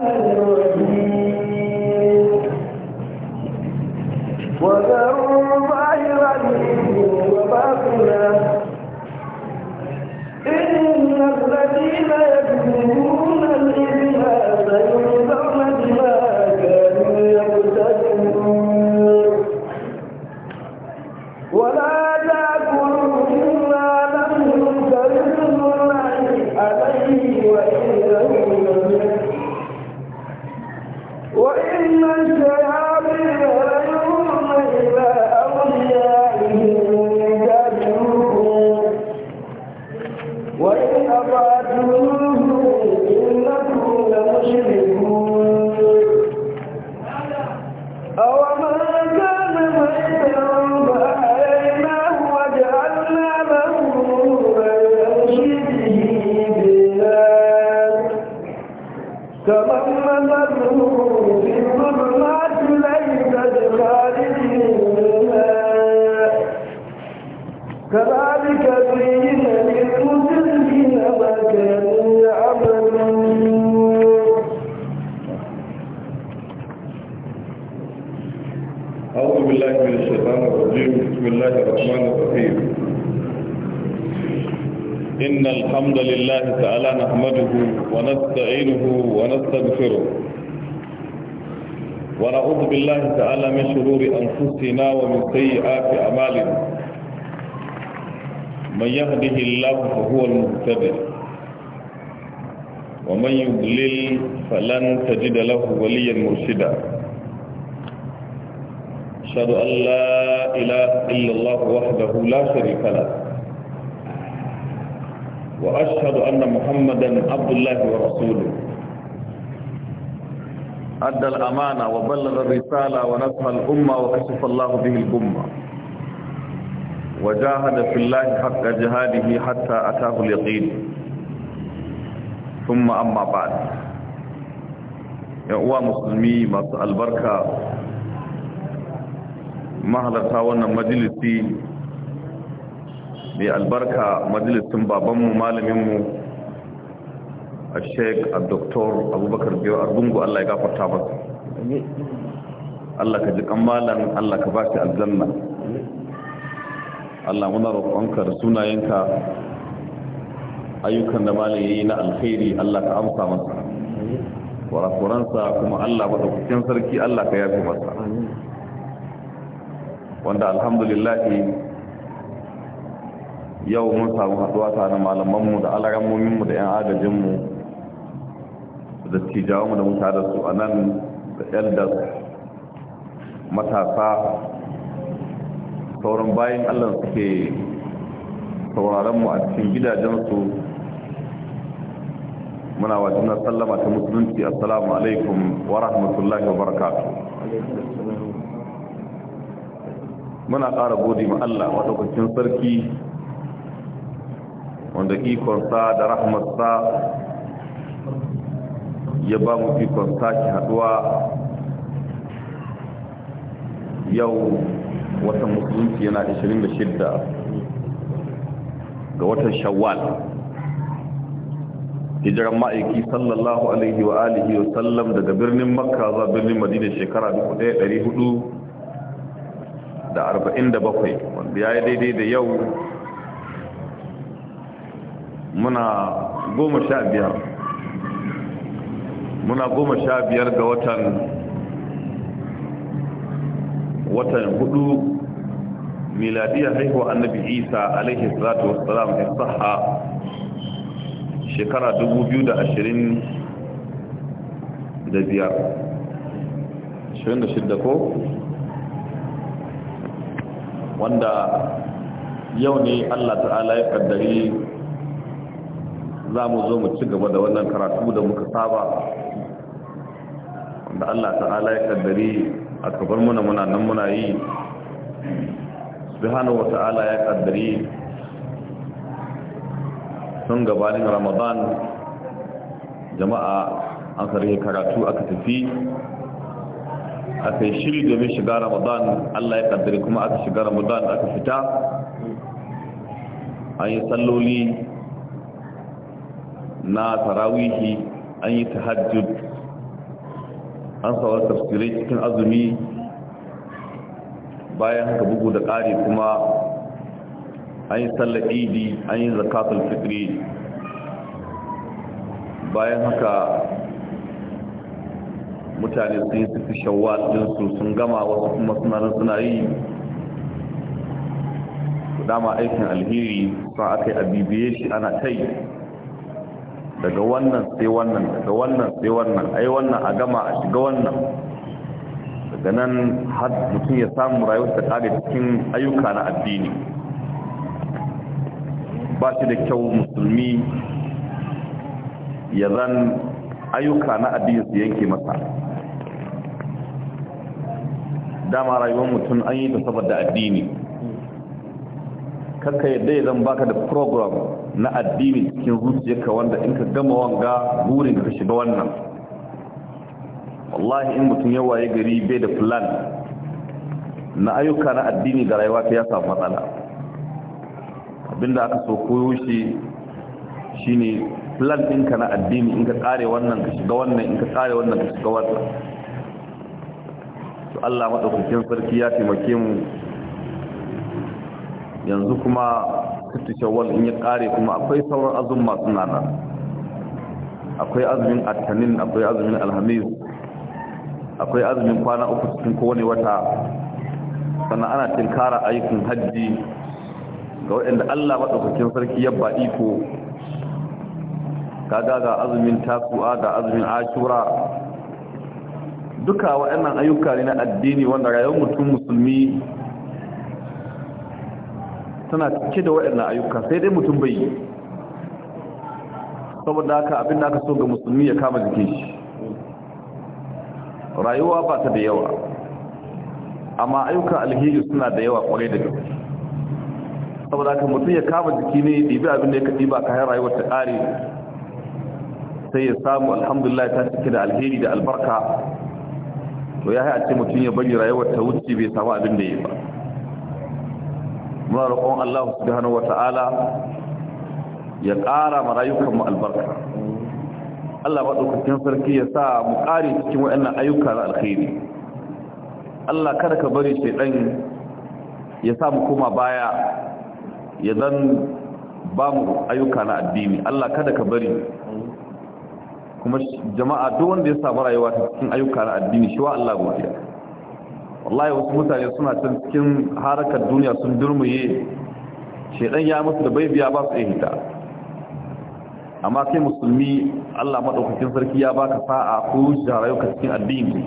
الرحيم ومن يضلل فلن تجد له وليا مرشدا أشهد أن لا إله إلا الله وحده لا شريك له وأشهد أن محمدا عبد الله ورسوله أدى الأمانة وبلغ الرسالة ونصح الأمة وكشف الله به الأمة وجاهد في الله حق جهاده حتى أتاه اليقين sun ma'amma ba ya uwa musulmi masu albarka mahalarta wannan majalisi mai albarka majalisin babanmu malaminmu a sheik a doktor abubakar biyu argungu allah ya gafarta ba allah ka ji kammalan allah ka ba shi aljanna allah muna roƙonka da sunayenka ayyukan da malam yayi na alkhairi Allah ka amsa masa kurakuransa kuma Allah madaukakin sarki Allah ka yafi masa wanda alhamdulillah yau mun samu haɗuwa tare malamanmu da alaramominmu da 'yan agajinmu da cijawanmu da mutu su a nan da elders matasa sauran bayan allah suke sauraronmu a cikin gidajensu muna wajen juna sallama ta musulunci assalamu alaikum wa rahmatullahi wa barakatuh muna ƙara gode ma Allah madaukakin sarki wanda ikonsa da rahmatsa ya ba mu ikon ki haɗuwa. yau watan musulunci yana 26 ga watan shawwal hijiran ma'aiki sallallahu alaihi wa alihi wa sallam daga birnin makka zuwa birnin madina shekara 1447 wanda ya yi daidai da yau muna goma sha biyar muna goma sha biyar ga watan watan hudu miladiyar haihuwa annabi isa alaihi salatu wasu salam ya saha shekara 2025 shida ko wanda yau ne Allah ta'ala ya kaddari za mu zo mu ci gaba da wannan karatu da muka saba wanda Allah ta'ala ya kaddari a kafar muna muna nan muna yi subhanahu wa ta'ala ya kaddari tun gabanin ramadan jama'a an sarari karatu aka tafi aka yi shiri domin shiga ramadan allah ya kaddari kuma aka shiga ramadan aka fita an yi salloli na tarawihi an yi tahajjud an sauran tafsirai cikin azumi bayan haka bugu da ƙari kuma an yi sallar idi an yi zakatul fitri bayan haka mutane sun yi sufi shawwal ɗinsu sun gama wasu kuma suna nan suna yi dama aikin alheri sun aka yi a bibiye shi ana ta yi daga wannan sai wannan daga wannan sai wannan ai wannan a gama a shiga wannan daga nan har mutum ya samu rayuwar ta kare cikin ayyuka na addini ba shi da kyau musulmi ya zan ayyuka na addini su yanke masa dama rayuwar mutum an yi ta saboda addini kakka yadda ya zan baka da program na addini cikin zuciyarka wanda in ka gama wanga burin ka shiga wannan wallahi in mutum ya waye gari bai da plan na ayyuka na addini da rayuwa ta ya samu matsala abinda aka so koyo shi shine plan ɗinka na addini in ka tsare wannan ka shiga wannan in ka tsare wannan ka shiga wannan to Allah madaukakin sarki ya taimake mu yanzu kuma sittu shawwal in ya tsare kuma akwai sauran azumma masu nana akwai azumin attanin akwai azumin alhamis akwai azumin kwana uku cikin kowane wata sannan ana tinkara ayyukan hajji ga waɗanda Allah maɗaukakin sarki ya baɗi iko kaga ga azumin tasu'a ga azumin ashura duka waɗannan ayyuka ne na addini wanda rayuwar mutum musulmi tana cike da waɗannan ayyuka sai dai mutum bai yi saboda haka abin da aka so ga musulmi ya kama jikin shi rayuwa ba ta da yawa amma ayyukan alheri suna da yawa kwarai da gaske saboda haka mutum ya kama jiki ne ɗibi abin da ya kaɗi ba kayan rayuwar ta ƙare sai ya samu alhamdulillah ta cike da alheri da albarka to ya haɗa ce mutum ya bari rayuwar ta wuce bai samu abin da ya ba muna roƙon Allah subhanahu wata'ala ya ƙara ma rayukan albarka Allah maɗaukakin sarki ya sa mu ƙare cikin waɗannan ayyuka na alheri Allah kada ka bari shaidan ya sa mu koma baya ya zan ba mu ayyuka na addini Allah kada ka bari kuma jama'a duk wanda ya samu rayuwa ta cikin ayyuka na addini shi wa Allah godiya wallahi wasu mutane suna can cikin harakar duniya sun durmuye shedan ya musu da bai biya ba su ehita amma kai musulmi Allah madaukakin sarki ya baka sa'a ko jarayuka cikin addini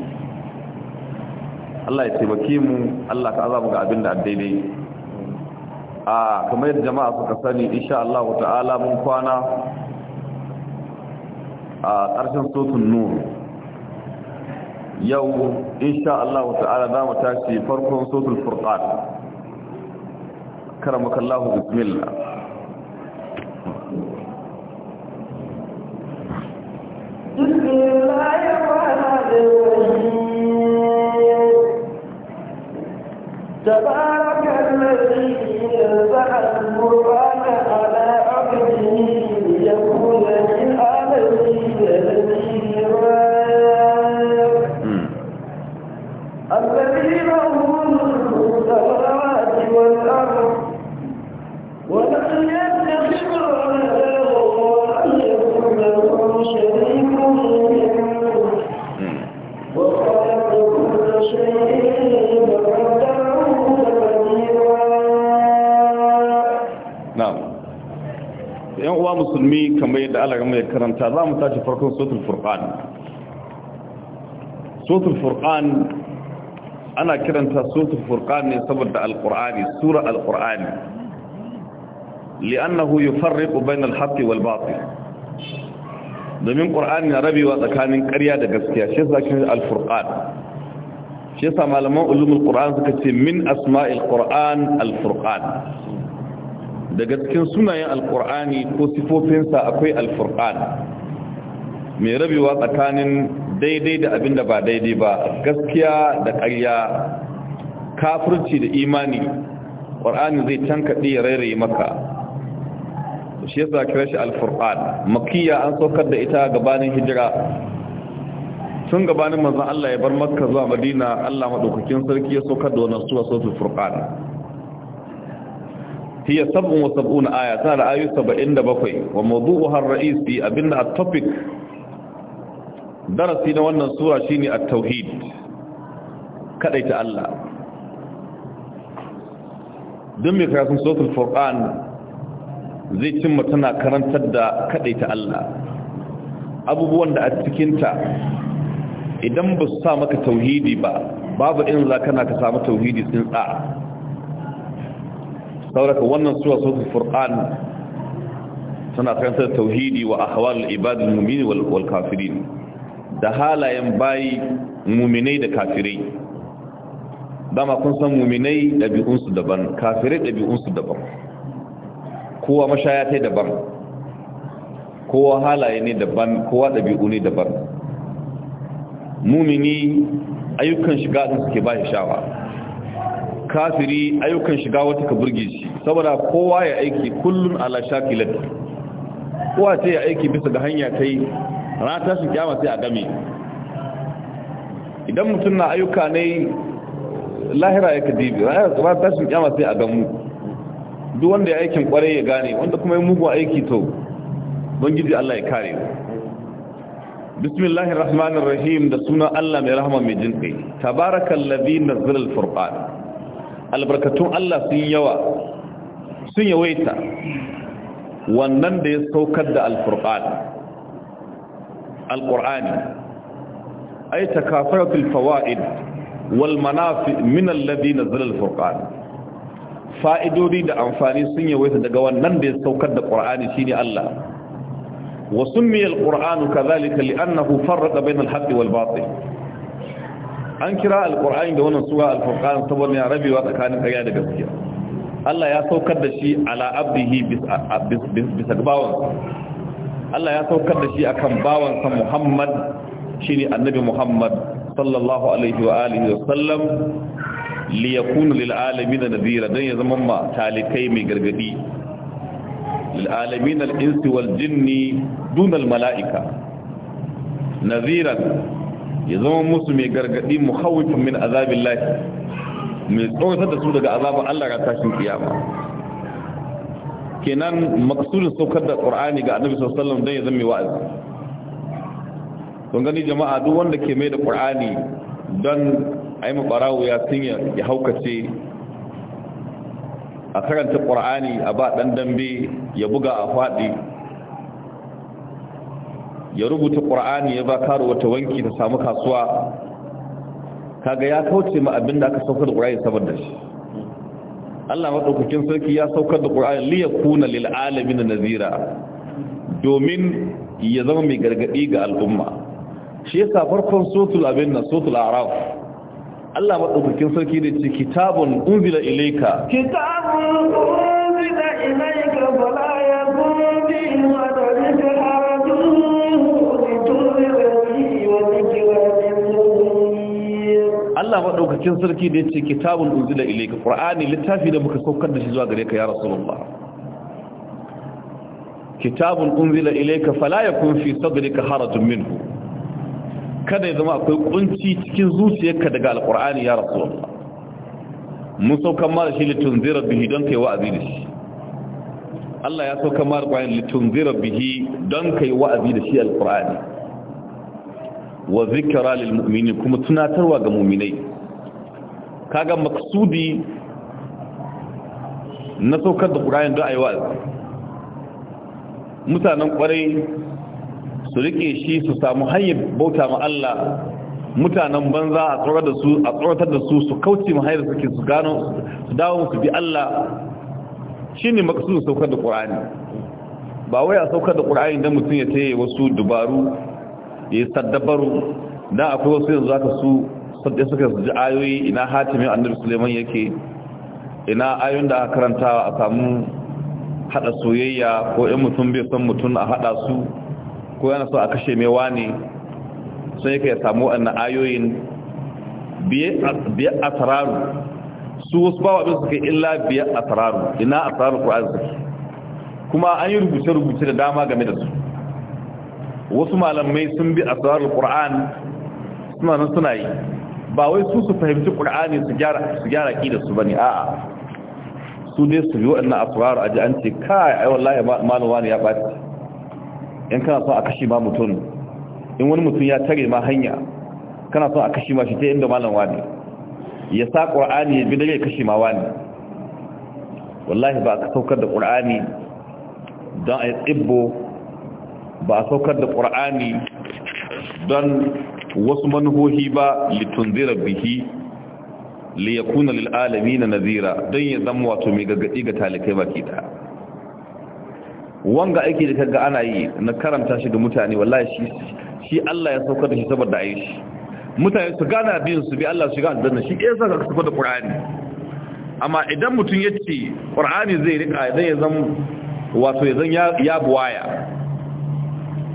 Allah ya taimake mu Allah ka azabu ga abin da a kamar yadda jama'a suka sani insha Allah ta'ala mun kwana a ƙarshen sotun nuru yau insha Allah ta'ala za mu tashi farkon sotun furqan karamakallahu bismillah بسم الله karanta za mu tashi farkon ana kiranta sotul furkan ne saboda alqur'ani sura alqur'ani li'annahu yufarriqu bainal haqqi wal batil domin qur'ani na rabewa tsakanin ƙarya da gaskiya shi yasa kin alfurqan shi yasa malaman ulumul qur'an suka ce min asma'il qur'an alfurqan daga cikin sunayen alkur'ani ko sifofinsa akwai alfurqan mai rabewa tsakanin daidai da abin da ba daidai ba gaskiya da ƙarya kafirci da imani ƙwar'ani zai tankaɗe ya rairaye maka shi yasa kira shi alfur'an makiya an saukar da ita gabanin hijira tun gabanin manzan Allah ya bar makka zuwa madina Allah maɗaukakin sarki ya saukar da wannan suwa sautul furqan hiya sab'un wa sab'una aya tana da ayu bakwai, wa mawdu'uha ar-ra'is fi abinda at-topic darasi na wannan sura shine at-tauhid kadaita Allah duk mai karatun suratul furqan zai cimma tana karantar da kadaita Allah abubuwan da a cikinta idan ba su sa maka tauhidi ba babu irin za kana ka samu tauhidi tsintsa sauraka wannan sura suratul furqan tana karantar tauhidi wa ahwal ibadul mu'minin wal kafirin da halayen bayi muminai da kafirai dama kun san muminai ɗabi'unsu daban kafirai ɗabi'unsu daban kowa mashaya ta daban kowa halaye ne daban kowa ɗabi'u ne daban mumini ayyukan shiga ɗin suke ba shi shawa kafiri ayyukan shiga wata ka burge shi saboda kowa ya aiki kullum ala shakilat kowa ta yi aiki bisa ga hanya ta yi ta tashin kiyama sai a game idan mutum na ayyuka ne lahira ya kadibi ta tashin kiyama sai a gamu duk wanda ya aikin kwarai ya gane wanda kuma ya mugu aiki to don gidi Allah ya kare bismillahir rahmanir rahim da suna Allah mai rahama mai jin kai tabarakal ladhi nazzala al furqan albarkatun Allah sun yawa sun yawaita wannan da ya saukar da al furqan alqur'ani ay takafuratu alfawaid wal manafi min alladhi nazzala alfurqan fa'idodi da amfani sun yawaita daga wannan da ya saukar da qur'ani shine Allah wa summiya alqur'anu kadhalika li'annahu farraqa bayna alhaqqi wal batil an kira Alƙur'ani da wannan sura alfurqan saboda ya rabewa tsakanin ƙarya da gaskiya Allah ya saukar da shi ala abdihi bisa bisa Allah ya saukar da shi akan bawansa Muhammad shine annabi Muhammad sallallahu alaihi wa alihi wa sallam li yakuna lil alamin nadira dan ya zama ma talikai mai gargadi lil alamin al insi wal jinni dun al malaika nadira ya zama musu mai gargadi muhawifin min azabillahi mai tsoratar da su daga azabin Allah ga tashin kiyama kenan maksudin saukar da ƙur'ani ga annabi sallallahu alaihi wasallam dan ya zama wa'azi don gani jama'a duk wanda ke mai da qur'ani don ayi mu barawo ya sinya ya haukace a karanta qur'ani a ba dan dambe ya buga a fadi ya rubuta ƙur'ani ya ba karo wata wanki ta samu kasuwa kaga ya kauce ma abinda aka saukar da qur'ani saboda shi Allah maɗaukakin sarki ya saukar da ƙura'an liya kuna lil'alamin na nazira domin ya zama mai gargaɗi ga al'umma shi yasa farkon sotul abin na sotul araf Allah maɗaukakin sarki da ce kitabun unzila ilaika kitabun unzila ilaika bala ya zuwa bi madaukakin sarki da yace kitabul unzila ilayka qur'ani littafi da muka saukar da shi zuwa gare ka ya rasulullah kitabul unzila ilayka fala yakun fi sadrika harajun minhu kada ya zama akwai kunci cikin zuciyarka daga alqur'ani ya rasulullah mun saukar mara da shi litunzira bihi don kai wa'azi da shi Allah ya saukar mara da qur'ani litunzira bihi don kai wa'azi da shi alqur'ani wa zikra lil mu'minin kuma tunatarwa ga mu'minai kaga maksudi na saukar da ƙura'in don a yi wa'azi mutanen ƙwarai su rike shi su samu hanyar bauta ma Allah mutanen banza a tsoratar da su su kauce ma hanyar suke su gano su dawo su bi Allah shi ne makasudin saukar da ƙura'ani ba wai a saukar da ƙura'ani don mutum ya taya wasu dubaru ya yi saddabaru don akwai wasu yanzu za ka su sadda suka ji ayoyi ina hatimin annabi suleiman yake ina ayoyin da aka karanta a samu hada soyayya ko in mutum bai son mutum a hada su ko yana so a kashe mai wani sun yake ya samu wannan ayoyin biya asararu su wasu bawa abin suke illa biya asararu ina asararu ko arziki kuma an yi rubuce-rubuce da dama game da su wasu malamai sun bi asararu quran suna nan suna yi ba wai su su fahimci qur'ani su gyara su gyara da su bane a'a su ne su yi waɗannan asrar aji an ce kai ai wallahi malama ne ya baci in kana son a kashe ma mutum in wani mutum ya tare ma hanya kana son a kashe ma shi ta inda malam wani ya sa qur'ani ya bi da ya kashe ma wani wallahi ba ka saukar da qur'ani don a yi tsibbo ba a saukar da ƙur'ani don wasu manuhohi ba litunzira bihi li yakuna lil alamin nazira dan ya zama wato mai gaggadi ga talakai baki da wanga aiki da kaga ana yi na karanta shi ga mutane wallahi shi shi Allah ya saukar da shi saboda ayi shi mutane su gana bin su bi Allah su gana dan shi yasa ka saukar da Qur'ani amma idan mutun yace Qur'ani zai rika dan ya zama wato ya zan ya buwaya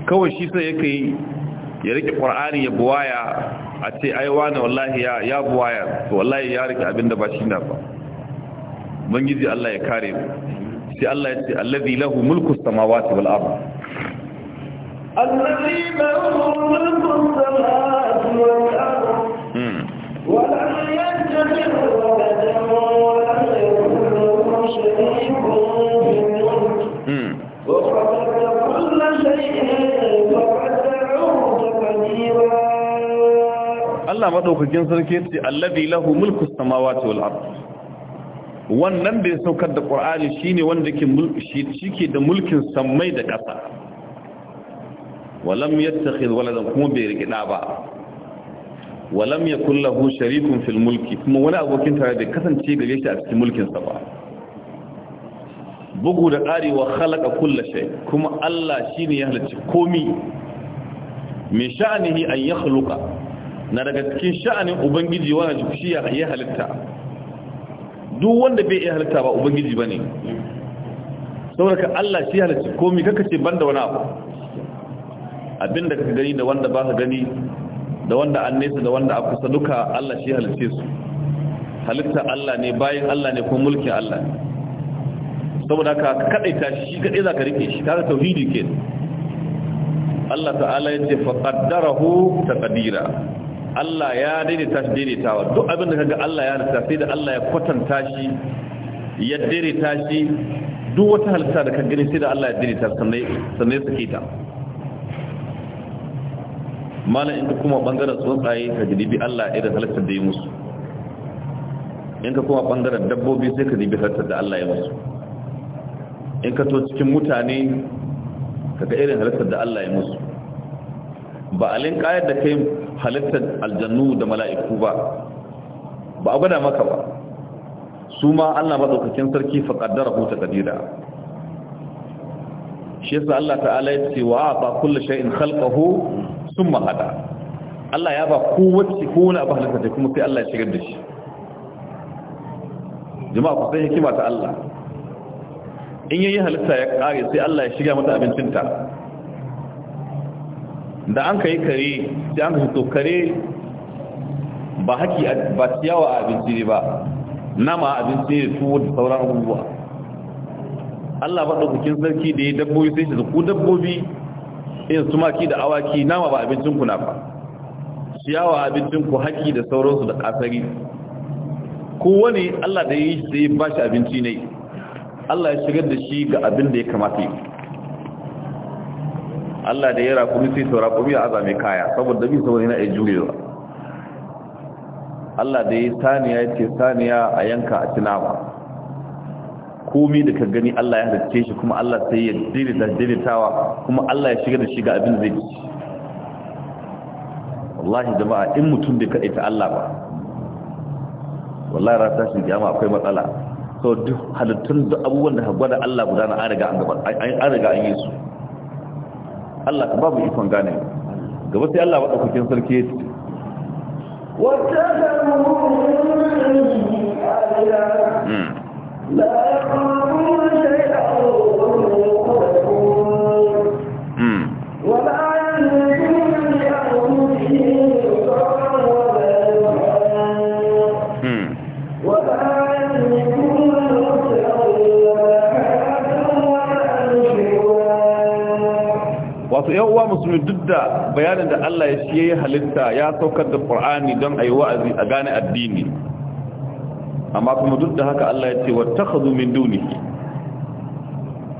kawai shi sai yake ya rike qur'ani ya buwaya a ce ai wani wallahi ya ya buwaya to wallahi ya rike abinda ba shi na ba ubangiji Allah ya kare mu sai Allah ya ce allazi lahu mulku samawati wal ard allazi lahu mulku samawati wal ard hmm. wa lam yajid wa lam yajid Allah madaukakin sarki ce allazi lahu mulku samawati wal ard wannan da ya saukar da shi ne wanda ke shike da mulkin samai da ƙasa walam yattakhidh waladan kuma bai rike da ba walam yakul lahu sharifin fil mulki kuma wani abokin tare bai kasance gare shi a cikin mulkin sa ba bugu da ƙari wa khalaqa kulli shay kuma Allah shi ne ya halicci komi min sha'anihi an yi yakhluqa na daga cikin sha'anin ubangiji wani shi ya halitta duk wanda bai iya halitta ba ubangiji ba ne ka allah shi halitta komi kaka ce banda wani abu abinda ka gani da wanda ba ka gani da wanda an nesa da wanda a kusa duka allah shi halitta su halitta allah ne bayan allah ne ko mulkin allah ne saboda ka kaɗaita shi kaɗai za ka rike shi kaga tauhidi ke Allah ta'ala ya ce ta taƙadira Allah ya daidaita shi daidaitawa duk abin da kaga Allah ya daidaita sai da Allah ya kwatanta shi ya daidaita shi duk wata halitta da kaga gani sai da Allah ya daidaita sannan sannan sake ta malam in ka kuma bangaren tsuntsaye ka bi Allah irin halittar da ya musu in ka kuma bangaren dabbobi sai ka jidibi halittar da Allah ya musu in ka to cikin mutane ka ga irin halittar da Allah ya musu ba a linkayar da kai halittar aljannu da mala'iku ba ba a gwada maka ba su ma allah maɗaukakin sarki faƙaddara huta ƙadira shi yasa allah ta'ala ya ce wa ba kulle sha'in halƙahu sun mahada allah ya ba kowace kowane abu halittar da kuma sai allah ya shigar da shi jama'a ku san hikima ta allah in yi halitta ya ƙare sai allah ya shiga mata abincinta da an ka yi kare sai an ka shi kare ba haƙi ba ciyawa a abinci ne ba nama abinci ne tuwo da sauran abubuwa Allah ba ɗaukakin sarki da ya dabbobi sai shi ku dabbobi in sumaki da awaki nama ba abincinku na ba ciyawa abincinku haƙi da sauransu da ƙasari kowane Allah da ya yi shi sai ba shi abinci ne Allah ya shigar da shi ga abin da ya kamata yi Allah da ya raƙumi sai to raƙumi ya azame kaya saboda bi saboda yana iya jurewa Allah da ya saniya ya ce saniya a yanka a tunawa komi da ka gani Allah ya halitta shi kuma Allah sai ya daidaita daidaitawa kuma Allah ya shiga da shiga abin zai ci wallahi jama'a in mutum da ka ita Allah ba wallahi rasa shi jama'a akwai matsala so duk halittun da abubuwan da ka gwada Allah guda na an riga an yi su Allah ka babu ikon gane gaba sai Allah wada kukin sarki ya ce wata da mu'minin la yaqulu shay'an uwa musulmi duk da bayanin da Allah ya shi ya halitta ya saukar da ƙur'ani don a yi wa'azi a gane addini amma kuma duk da haka Allah ya ce wa takhadhu min dunihi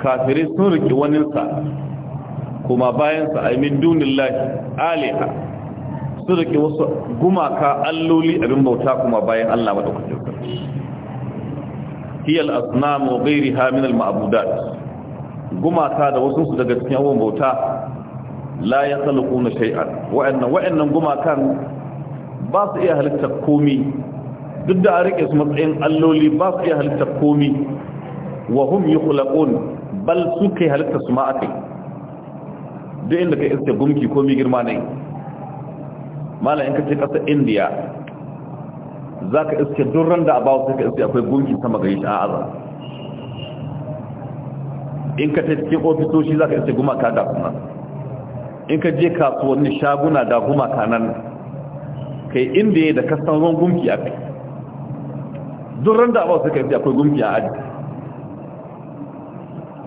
kafirai sun riƙe wani kuma bayansa sa ay min dunillahi aliha sun riƙe wasu gumaka alloli abin bauta kuma bayan Allah madaukakin sarki hiya al-asnam wa ghayriha gumaka da wasu su daga cikin abubuwan bauta la ya salukuna shay'an wa'annan wa'annan gumakan ba su iya halittar komi duk da a riƙe su matsayin alloli ba su iya halittar komi wa hum yukhlaqun bal su ka yi halittar su ma kai duk inda ka iske gumki komi girma ne mala in kace indiya za ka iske durran da abawo sai ka iske akwai gumki sama gari shi a azan in ka ta cikin ofisoshi za ka iske gumaka da kuma in ka je kasuwannin shaguna da gumaka nan kai inda ya da kasan ruwan gumki a kai duran da abuwa suka yi akwai gumki a aji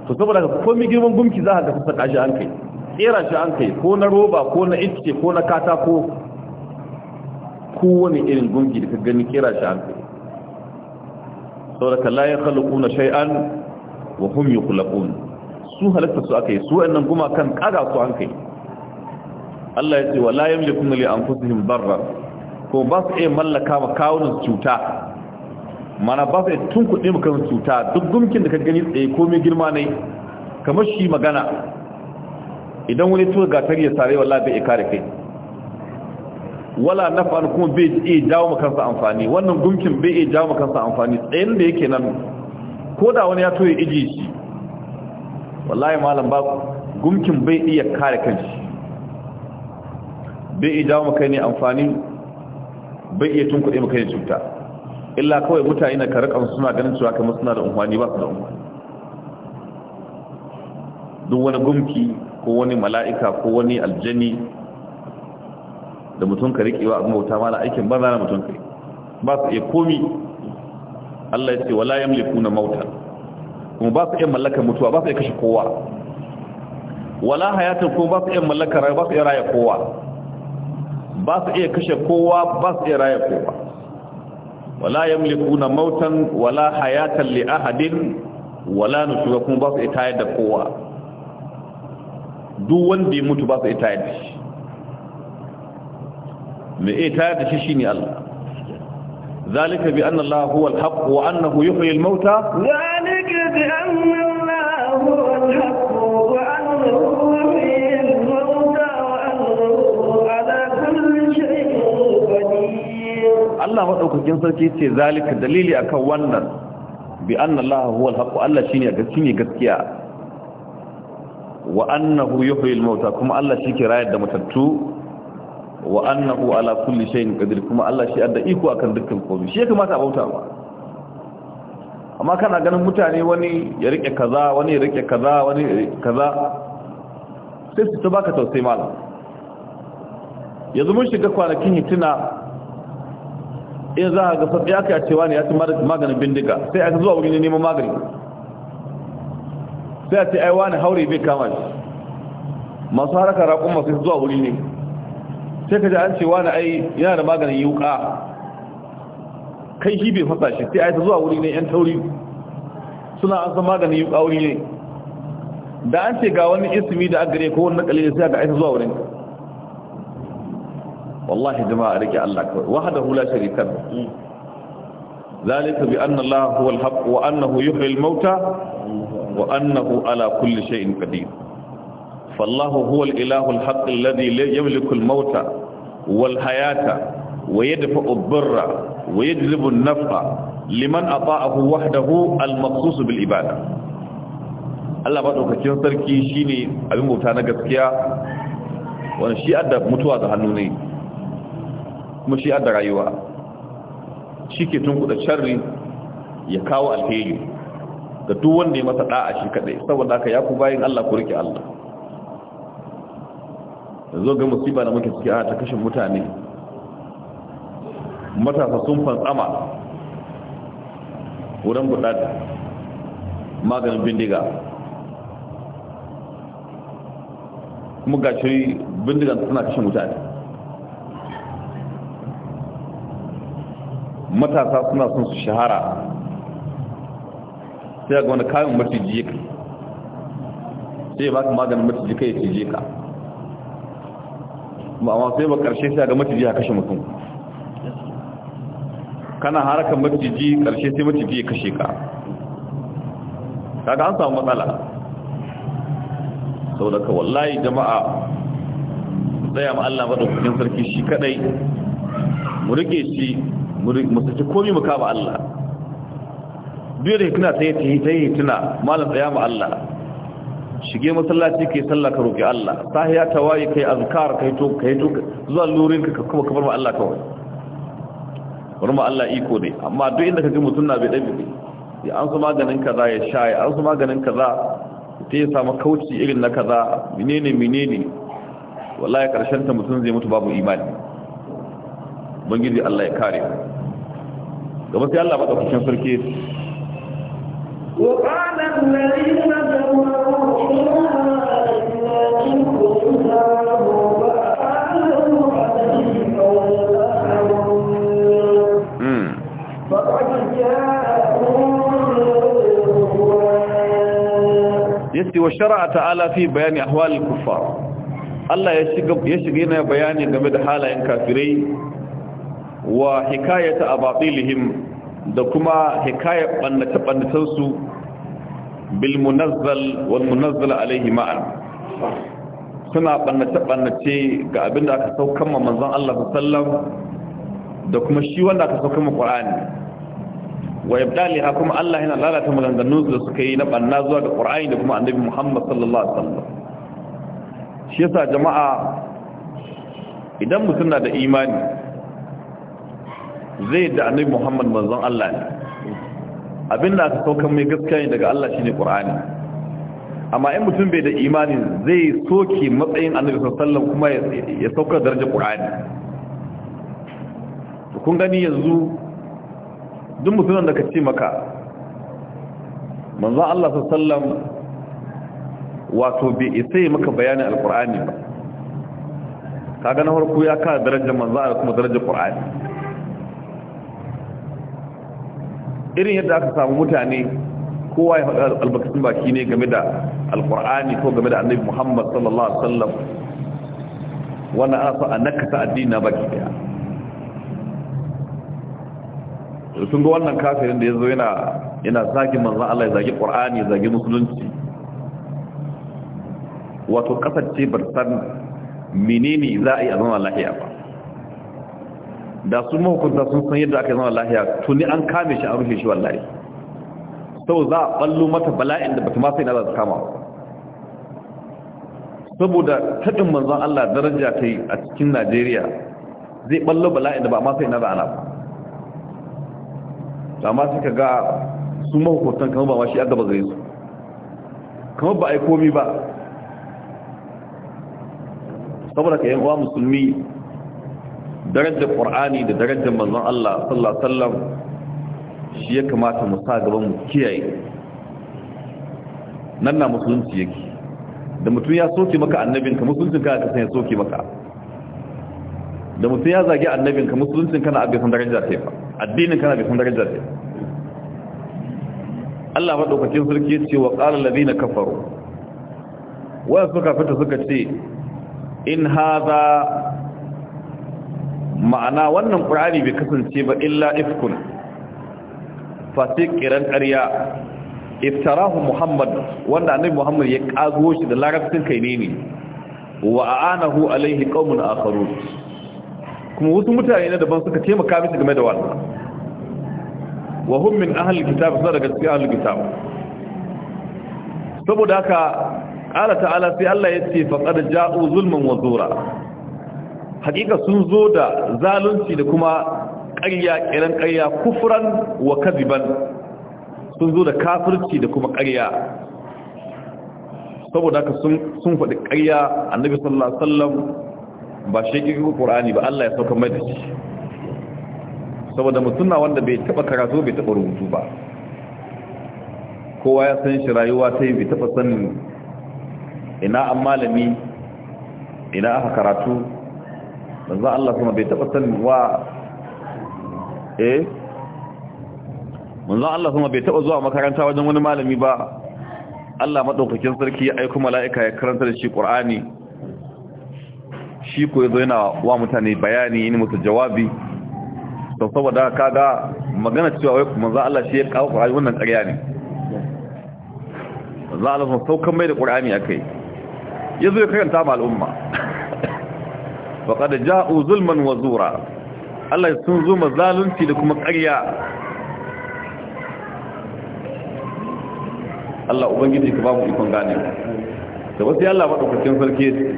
to saboda komi girman gumki za a ga sassa kashi an kai tsera shi an kai ko na roba ko na ice ko na katako kowane irin gumki da ka gani kera shi an kai saboda layan ya na shay'an wa hum kulakun su halatta su yi su nan gumakan kaga su an kai Allah ya ce wala yamlikuna li anfusihim darra ko ba su iya mallaka ba kawun cuta mana ba su tun tunkuɗe mu kan cuta duk gumkin da ka gani tsaye komai girma ne kamar shi magana idan wani tuwa gatar ya sare wala bai kare kai wala nafa'an kuma bai iya jawo sa amfani wannan gumkin bai iya jawo sa amfani tsayin da yake nan ko da wani ya toye iji shi wallahi malam ba gumkin bai iya kare kanshi bai iya dawo maka ne amfani bai iya tun kuɗi maka ne cuta illa kawai mutane na karakan suna ganin cewa kamar suna da unhwani ba su da unhwani Don wani gumki ko wani mala'ika ko wani aljani da mutum ka riƙewa abin bauta ma na aikin ba na mutum ka ba su iya komi Allah ya ce wala yamliku na mauta kuma ba su iya mallakar mutuwa ba su iya kashe kowa wala hayatan kuma ba su iya mallakar ba su iya raya kowa ba su iya kashe kowa ba su iya raya kowa wala na mautan wala hayatan li ahadin wala nushuwa kuma ba su iya tayar da kowa duk wanda ya mutu ba su iya tayar da shi mai iya tayar da shi shi ne Allah ذلك بأن الله هو الحق وأنه يحيي الموتى ذلك Allah maɗaukakin sarki ce zalika dalili akan wannan bi anna Allah huwa al-haqq Allah shine gaskiya gaskiya wa annahu yuhyil mauta kuma Allah shi ke rayar da matattu wa annahu ala kulli shay'in qadir kuma Allah shi adda iko akan dukkan komai shi ya kamata a bauta ba amma kana ganin mutane wani ya rike kaza wani ya rike kaza wani kaza sai su baka tausayi malam yanzu mun shiga kwanakin hituna in za a ga sabbi aka cewa ne ya ci maganin bindiga sai aka zuwa wurin neman magani sai a ce ai wani haure bai kama shi masu haraka raƙon masu zuwa wuri ne sai ka ji an cewa na ai yana da maganin yuka kai shi bai fasa shi sai a yi ta zuwa wuri ne yan tauri suna an san maganin yuka wuri ne da an ce ga wani ismi da agare ko wani nakali ne sai ga aita zuwa wurin wallahi jama'a rike Allah kawai wahdahu la sharika lahu zalika bi anna Allah huwal al wa annahu yuhyi al-mauta wa annahu ala kulli shay'in qadir fallahu huwal ilahu al-haq alladhi yamliku al-mauta wal hayata wa yadfa'u ad-darra wa yajlibu an-naf'a liman ata'ahu wahdahu al-maqsus bil ibada Allah ba daukakin sarki shine abin bauta na gaskiya wannan shi adda mutuwa da hannu ne kuma shi adda rayuwa shi ke kuɗa canri ya kawo alheri ga duk wanda ya masa ɗa'a shi kaɗai. saboda haka ya ku bayin Allah ku rike Allah zo ga musiba da muke ciki a ta kashin mutane matasa sun fantsama wurin buɗa maganin bindiga kuma gashi bindigan suna kashin mutane matasa suna son su shahara sai ga wani kayan maciji ka sai ya baka maganin maciji kai ya cije ka ma sai ba karshe sai ga maciji ya kashe mutum kana harakan maciji karshe sai maciji ya kashe ka kaga an samu matsala Sau da ka wallahi jama'a tsaya ma da madaukakin sarki shi kadai mu rike shi musulci komi mu ba Allah duk da kuna ta yi ta yi tuna malam tsaya ma Allah shige masallaci kai sallah ka roki Allah sahiya tawayi kai azkar kai to kai to zuwa lurin ka kuma kamar ma Allah kawai wani ma Allah iko ne amma duk inda ji mutum na bai ɗabi ya an su maganin za ya sha ya an su maganin za ta yi samu kauci irin na kaza menene menene wallahi karshen ta mutum zai mutu babu imani ubangiji Allah ya kare gaba sai Allah baka kushin sarki وقال الذين كفروا yace wa shar'a ta'ala fi bayani ahwal al-kuffar Allah ya shiga ya shiga yana bayani game da halayen kafirai wa hikayata abatilihim da kuma hikayar ɓannace-ɓannacensu bil munazzal wal munazzal alaihi ma'an suna ɓannace-ɓannace ga abin da aka saukan ma manzan Allah sallam da kuma shi wanda aka saukan ma ƙwar'ani wa yabdali ha kuma Allah yana lalata maganganun da suka yi na ɓanna zuwa ga ƙwar'ani da kuma annabi Muhammad sallallahu alaihi wasallam shi yasa jama'a idan mutum na da imani zai da annabi Muhammad manzon Allah ne abinda aka sauka mai gaskiya ne daga Allah shine Qur'ani amma in mutum bai da imani zai soke matsayin annabi sallallahu kuma ya sauka darajar Qur'ani kun gani yanzu duk mutumin da ka ce maka manzon Allah sallallahu wato bai isa maka bayanin alqur'ani ba kaga na farko ya ka darajar manzon Allah kuma darajar Qur'ani irin yadda aka samu mutane kowa ya faɗa albarkacin baki ne game da alkur'ani ko game da annabi muhammad sallallahu alaihi wasallam wannan ana so a nakasa addini na baki daya sun ga wannan kafirin da ya zo yana yana zagi manzan Allah ya zagi qur'ani ya zagi musulunci wato kasance bar san menene za a yi a zama lahiya ba da su mahukunta sun san yadda aka zama lahiya tuni an kame shi a rufe shi wallahi sau za a ballo mata bala'in da bata ma sai za su kama saboda taɗin manzon Allah daraja ta yi a cikin Najeriya zai ballo bala'in da ba sai na za ana ba amma suka ga su mahukuntan kama ba ma shi a gaba zai su kama ba a yi komi ba saboda ka yi uwa musulmi darajar qur'ani da darajar manzon Allah sallallahu alaihi shi ya kamata mu sa gaban mu kiyaye nan na musulunci yake da mutum ya soke maka annabinka, musuluncin ka kasan ya soke maka da mutum ya zage annabin ka musuluncin kana abin san darajar ta fa addinin kana abin san darajar ta Allah madaukakin sarki ya ce wa qala allazina kafaru wa suka fita suka ce in haza. ma'ana wannan ƙur'ani bai kasance ba illa ifkun fasik kiran ƙarya iftarahu muhammad wanda annabi muhammad ya kago shi da larabcin kai ne ne wa a'anahu alaihi qaumun akharun kuma wasu mutane na daban suka taimaka miki game da wannan wa hum min ahli kitab sai daga cikin ahli kitab saboda haka qala ta'ala sai Allah yace faqad ja'u zulman wa zura hakika sun zo da zalunci da kuma ƙarya ƙiran ƙarya kufuran wa kaziban sun zo da kafirci da kuma ƙarya saboda haka sun faɗi ƙarya annabi sallallahu alaihi wasallam ba shi ƙur'ani ba Allah ya sauka mai da shi saboda mutum na wanda bai taɓa karatu bai taɓa rubutu ba kowa ya san shi rayuwa ta yi bai taɓa sanin ina an malami ina aka karatu manzo Allah kuma bai taba sanin eh manzo Allah kuma bai taba zuwa makaranta wajen wani malami ba Allah madaukakin sarki ya aika mala'ika ya karanta da shi Qur'ani shi ko yazo yana wa mutane bayani yana musu jawabi to saboda kaga magana cewa wai manzo Allah shi ya kawo Qur'ani wannan ƙarya ne manzo Allah saukan mai da Qur'ani akai yazo ya karanta ma al'umma faqad ja'u zulman wa zura Allah sun zo mazalunci da kuma ƙarya Allah ubangiji ka ba mu ikon gane da wasu Allah madaukakin sarki ya ce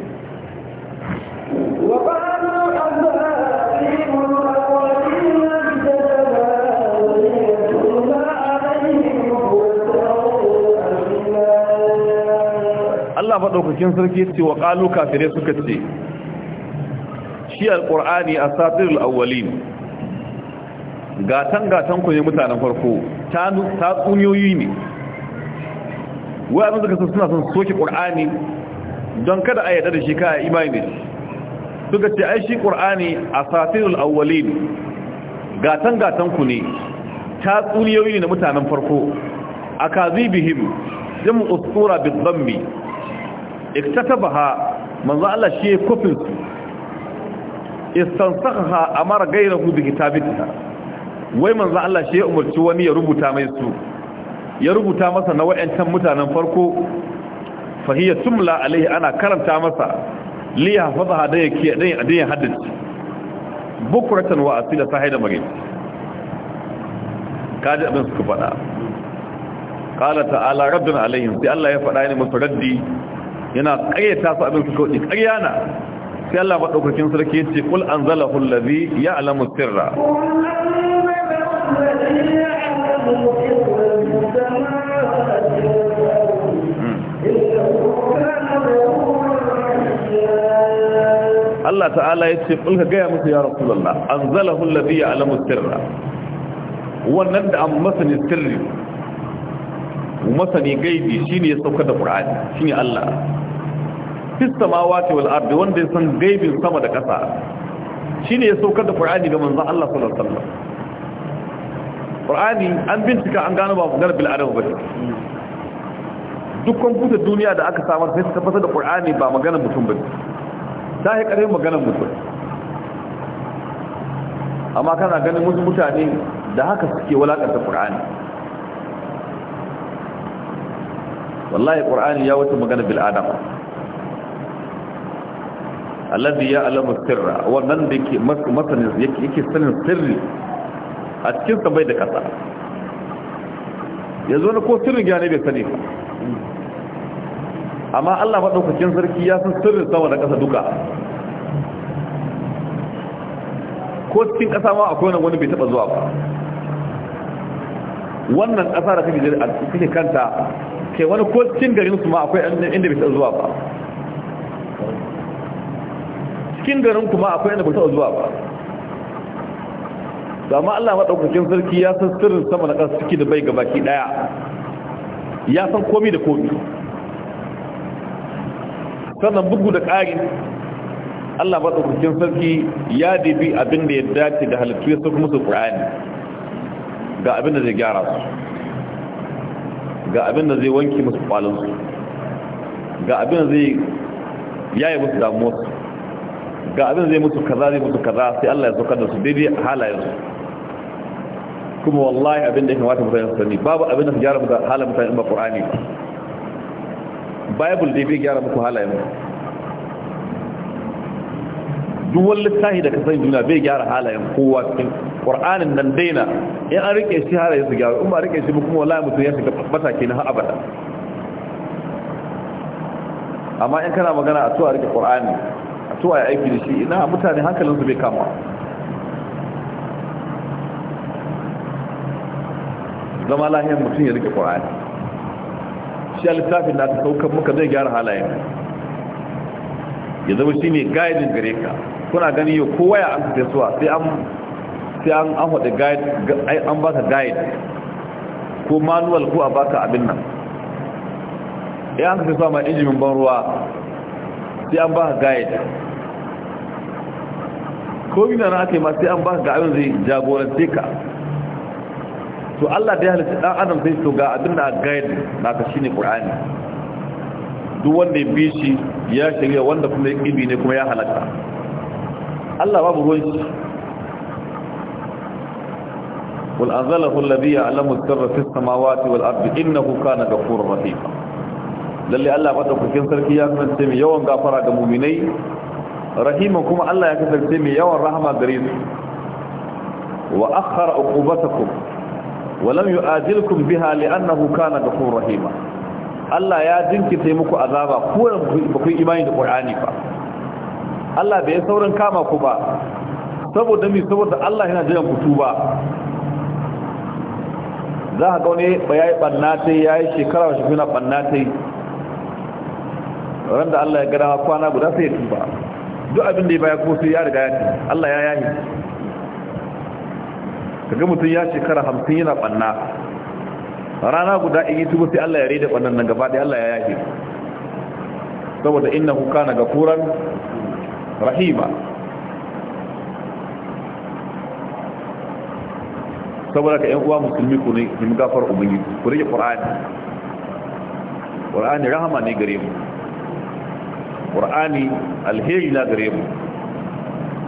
wa ba'du azzalim Allah maɗaukakin sarki ce wa ƙalu kafirai suka ce shi a asatirul awwalin gatan gatan ku ne mutanen farko ta ta ne wa abin da suna son soke ƙur'ani? don kada a yarda da shi kai imani suka ce ai shi ƙur'ani a asatirul awwalin gatan gatan ku ne ta tsuniyoyi ne na mutanen farko A akazibihim jam'u usura bidhammi iktatabaha manzo Allah shi kofin su istansakha amara gairahu bi kitabika wai manzo Allah shi ya umarci wani ya rubuta mai su ya rubuta masa na wayancan mutanen farko fahiya tumla alaihi ana karanta masa liya yahfazaha da yake dan ya haddace bukuratan wa asila ta haida magana kaji abin suka faɗa qala ta'ala raddun alaihim sai Allah ya faɗa ni musu raddi yana ƙayyata su abin suka wuce ƙaryana sai Allah maɗaukakin sarki ya ce kul an zala hullazi ya alamu sirra Allah ta'ala ya ce kulka gaya musu ya rasulallah an zala hullazi ya alamu sirra wannan da an masani sirri masani gaibi shine ya sauka da ƙur'ani shine Allah Fista samawati wal ardi wanda ya san gaibin sama da ƙasa Shi ne ya saukar da Qur'ani ga manzon Allah sallallahu alaihi an bincika an gano ba maganar bil adam ba duk kwamfutar duniya da aka samar sai ta tabbatar da Qur'ani ba maganar mutum ba ta yi ƙarfin maganar mutum amma kana ganin wasu mutane da haka suke walakanta Qur'ani wallahi Qur'ani ya wata maganar bil alladhi ya'lamu sirra wannan da yake masanin yake sanin sirri a cikin sa bai da kasa yanzu na ko sirrin ya ne bai sani amma Allah madaukakin sarki ya san sirrin sama da kasa duka ko cikin kasa ma akwai wani bai taba zuwa ba wannan kasa da kake kanta kai wani ko cikin garin su ma akwai inda bai taba zuwa ba cikin garin kuma akwai inda ba taɓa zuwa ba da amma Allah maɗaukakin sarki ya san sirrin sama na ƙasa ciki da bai ga baki ɗaya ya san komi da komi sannan bugu da ƙari, Allah maɗaukakin sarki ya dibi abin da ya dace da halittu ya sauka musu ƙur'ani ga abin da zai gyara su ga abin da zai wanki musu ƙwalinsu ga abin da zai yaye musu damuwarsu ga abin zai mutu kaza zai mutu kaza sai Allah ya saukar da su daidai su. kuma wallahi abin da ya kamata mutane su sani babu abin da su gyara mutu halayen mutane in ba Qur'ani ba Bible dai bai gyara muku halayen mu duk wani littafi da ka sani juna bai gyara halayen kowa cikin Qur'anin nan daina in an rike shi halayen su gyara in ba rike shi kuma wallahi mutum ya shiga mataki na abada amma in kana magana a tuwa rike Qur'ani a tuwa ya aiki da shi ina mutane hankalinsu bai kama zama lahiyar mutum ya rike ƙwararri shi a littafin na ta saukan muka zai gyara halayen ya zama shi ne gaidin gare ka kuna gani yau kowa ya an fita suwa sai an an haɗe an ka gaid ko manuwal ko a baka abin nan ya an fita suwa mai injimin ban ruwa sai an ba ka ko yi na ake ma sai an ba ga abin zai jagorance ka to Allah da ya halitta dan adam sai to ga abin da na naka shine Qur'ani duk wanda ya bi shi ya shirya wanda kuma ya kibi ne kuma ya halaka Allah babu ruwan shi قل أنزله الذي يعلم السر في السماوات والأرض إنه كان غفورا رحيما lalle Allah ba madaukakin sarki ya kasance mai yawan gafara ga mu'minai rahima kuma Allah ya kasance mai yawan rahama gare su wa akhara uqubatakum wa lam yu'adilkum biha li'annahu kana ghafur rahima Allah ya jinkirta muku azaba ko ba ku imani da Qur'ani ba Allah bai saurin kama ku ba saboda mi saboda Allah yana jiran ku tuba za ka ga wani ba yayi banna sai yayi shekara shi kuna banna sai ran da Allah ya gada kwana guda sai ya tuba duk abin da ya baya kuma sai ya riga ya ce Allah ya yahi kaga mutum ya shekara hamsin yana banna rana guda in yi tuba sai Allah ya rede bannan nan gaba Allah ya yahi saboda na kana kuran rahima saboda ka 'yan uwa musulmi ku ne mu gafar ubangiji ku rike qur'ani qur'ani rahama ne gare mu ƙur'ani alheri na gare mu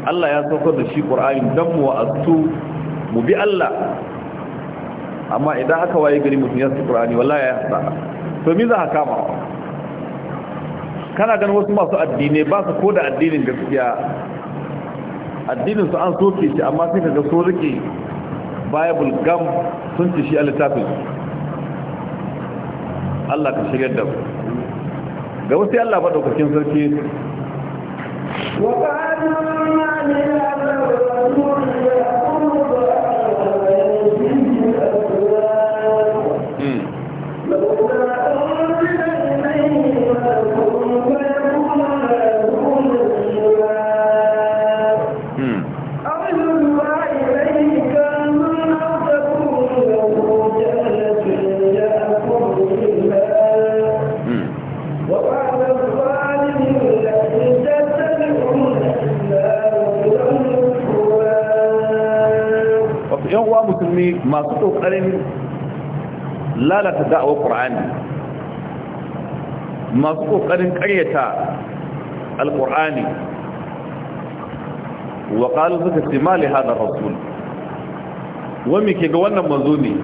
Allah ya saukar da shi ƙur'ani don mu wa'astu mu bi Allah amma idan haka waye gari mutum ya su ƙur'ani wallahi ya hasa to mi za kama kana ganin wasu masu addini ba su ko da addinin gaskiya addinin su an soke shi amma sai kaga so rike bible gam sun ci shi a littafin Allah ka shigar da mu ga wasu yalla ba daukakin sarki wa ba'adun ma'amila da wasu yan uwa musulmi masu ƙoƙarin lalata da'awar qur'ani masu kokarin karyata alqur'ani wa qalu suka ce ma li hada rasul wani ke ga wannan manzo ne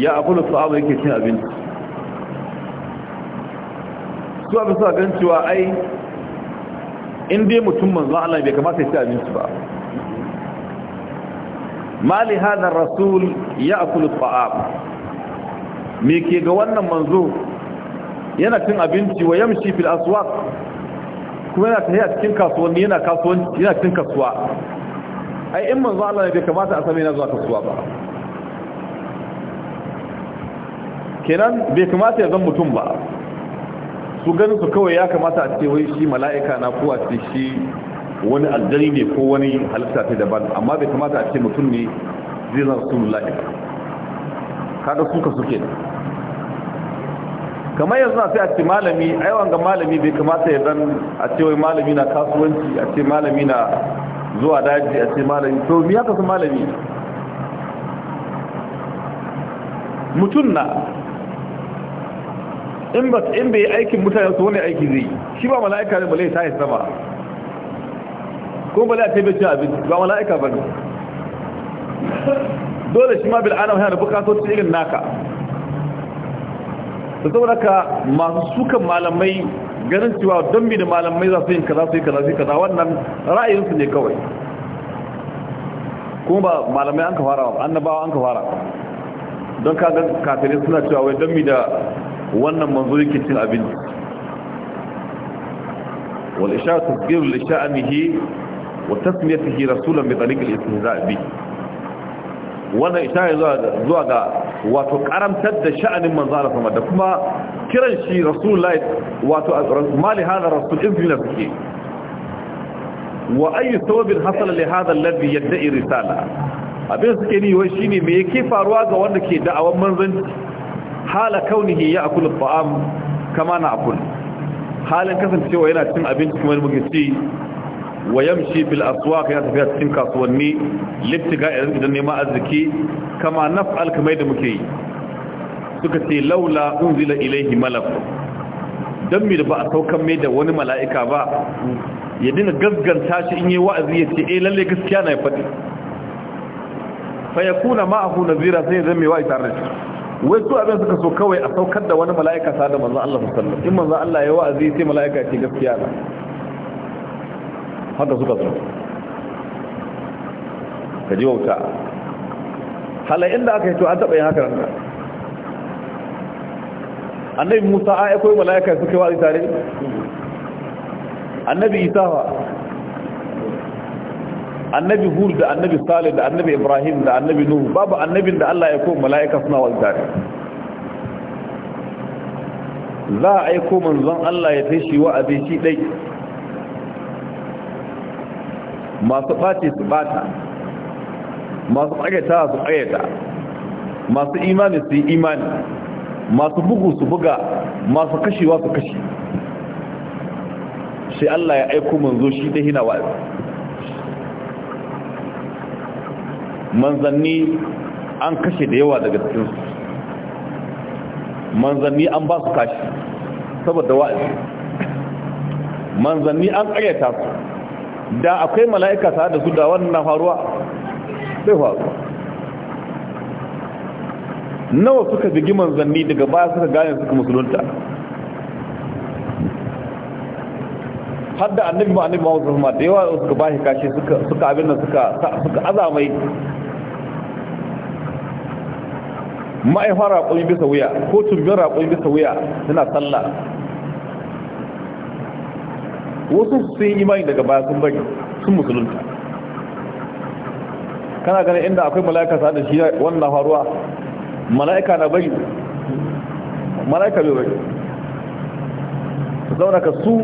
ya akulu sa'aba yake cin abinci su abin a gan cewa ai in dai mutum manzo Allah bai kamata ya ci abinci ba mali hada rasul ya akulu ta'am me ke ga wannan manzo yana cin abinci wa yamshi fil aswaq kuma yana tafiya cikin kasuwanni yana kasuwanci yana cikin kasuwa ai in manzo Allah ne bai kamata a same na zuwa kasuwa ba kenan bai kamata ya zan mutum ba su ganin su kawai ya kamata a ce wai shi mala'ika na ko a ce shi wani aljani ne ko wani halitta ta daban amma bai kamata a ce mutum ne zai zan su mala'ika kada suka suke kamar yanzu na sai a ce malami aiwan ga malami bai kamata ya zan a ce wai malami na kasuwanci a ce malami na zuwa daji a ce malami to mi haka su malami mutum na in ba in bai aikin mutane su wani aiki zai shi ba mala'ika ne bale ta yi sama ko ba za ta cin abinci ba mala'ika ba ne dole shi ma bil ana yana da bukatoci irin naka da saboda ka masu sukan malamai ganin cewa don mi da malamai za su yin kaza su yi kaza su yi kaza wannan ra'ayinsu ne kawai kuma ba malamai an ka fara ba annabawa an ka fara don ka ga kafirin suna cewa wai don mi da wannan manzo yake cin abinci wal isha tasgiru li sha'nihi wa tasmiyatihi rasulan bi tariq al istihza' bi wannan isha zuwa ga wato karamtar da sha'anin manzo Allah sama da kuma kiran shi rasulullahi wato mali hada rasul izbina suke wa ayi sababin hasala li hada alladhi yad'i risala abin suke ni wai shine me yake faruwa ga wanda ke da'awan manzanci hala kaunihi ya akulu ta'am kama na akul halin kasancewa yana cin abinci kuma ne muke ci wa yamshi bil aswaq ya tafiya cikin kasuwanni littiga idan nema arziki kama naf'al kamar da muke yi suka ce laula unzila ilaihi malak dan mi da ba a saukan mai da wani mala'ika ba ya dina gaggarta shi in yi wa'azi ya ce eh lalle gaskiya na ya faɗi fa yakuna ma'ahu nazira sai zan mai wa'i tare da shi wai su abin suka so kawai a saukar da wani mala'ika sa da manzon Allah sallallahu in manzon Allah ya wa'azi sai mala'ika ke gaskiya na. haka suka so ka ji wauta halayen inda aka yi to an taɓa yin haka ranka annabi musa a akwai mala'ika suka wa'azi tare annabi isa annabi hud da annabi salih da annabi ibrahim da annabi nuhu babu annabin da Allah ya ko mala'ika suna waltare za a aiko manzon Allah ya tashi wa'azi shi dai masu ɓace su bata masu ƙaryata su ƙaryata masu imani su yi imani masu bugu su buga masu kashewa su kashe shi Allah ya aiko manzo shi dai hina wa'azi manzanni an kashe da yawa daga cikinsu manzanni an ba su kashi saboda wa'azi manzanni an karyata su da akwai mala'ika tare da su da wannan faruwa sai faruwa nawa suka bigi manzanni daga baya suka gane suka musulunta har da annabi ma annabi ma wasu da yawa suka bashi kashi suka abin da suka azamai ma'aifa raƙoyi bisa wuya ko turbin raƙoyi bisa wuya suna sallah wasu sun yi imani daga baya sun bari sun musulunta kana ganin inda akwai mala'ika sa da shi wannan faruwa mala'ika na bari mala'ika bai bari zauna ka su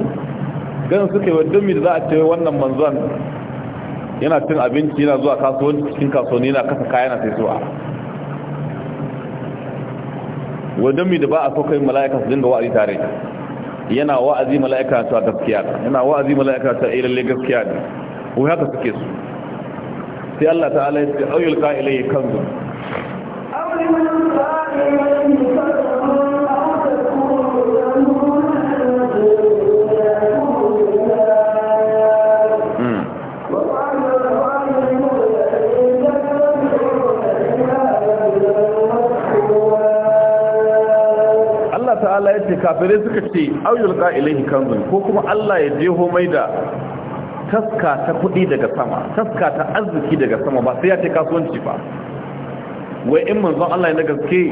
ganin suke wadda mi da za a ce wannan manzon yana cin abinci yana zuwa kasuwanci cikin kasuwanni yana kasa kayana sai zuwa. wadon da ba a so kai mala'ika su dinga wa'azi tare yana wa'azi mala'ika ta gaskiya yana wa'azi mala'ika ta ilalle eh, gaskiya ne ko haka suke su sai Allah ta'ala ya ce auyul qa'ilai kanzu kafirai suka ce auyul qa'ilahi kanzun ko kuma Allah ya jeho mai da taska ta kudi daga sama taska ta arziki daga sama ba sai ya ce kasuwanci ba wai in manzon Allah ya na gaske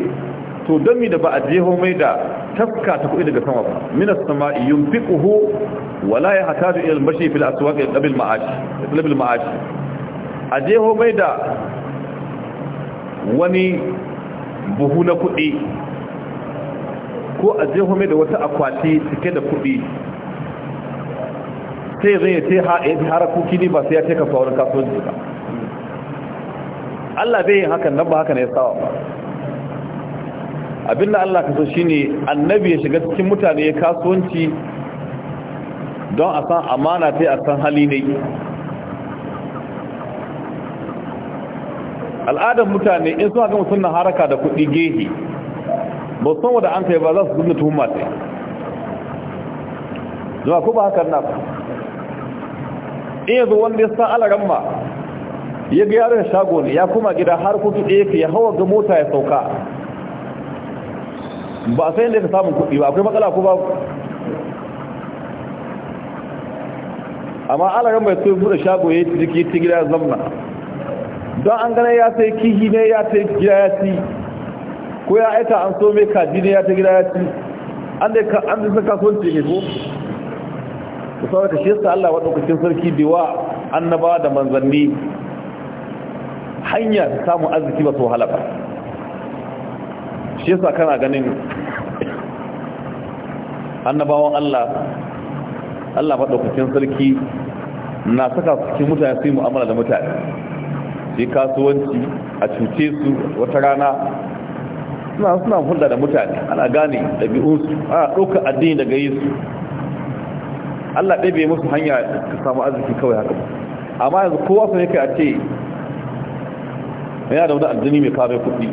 to don mi da ba a jeho mai da taska ta kudi daga sama ba minas sama'i yunfiquhu wala yahtaju ila al-mashi fil aswaq qabil ma'ash qabil ma'ash a jeho mai da wani buhu na kudi ko a je mai da wata akwati cike da kuɗi sai zai ce eh, kuki ne ba sai ya ce ka saurin kasuwanci ba Allah bai yin hakan nan ba haka na ya sawa ba abinda Allah ka so ne annabi ya shiga cikin mutane ya kasuwanci don a san amana ta a san hali ne al'adar mutane in suna ga mutum na haraka da kuɗi gehe ba san wanda an ba za su gudun tuhumma ta zuwa ku ba haka na in yanzu wanda ya sa alaran ma ya ga yaron shago ne ya kuma gida har kutu ɗaya ke ya hawa ga mota ya sauka ba sai sayan da ya samun kuɗi ba akwai matsala ko ba amma alaran mai sun buɗe shago ya yi ta gida ya zamna don an gane ya sai kihi ne ya sai gida ya ci ko ya aika an so mai kaji ne ya ta gida ya ci an da ka an da saka ce ne ko to sai ka shiyar Allah wa dokokin sarki biwa annaba da manzanni hanya ta samu arziki ba so halaba shi yasa kana ganin annabawan Allah Allah madaukakin sarki na saka cikin mutane su yi mu'amala da mutane Sai kasuwanci a cuce su wata rana suna suna hulɗa da mutane ana gane ɗabi'unsu ana ɗaukar addini daga yi su Allah ɗabe musu hanya ka samu arziki kawai haka amma yanzu kowa ne kai a ce yana da wani addini mai kawai kuɗi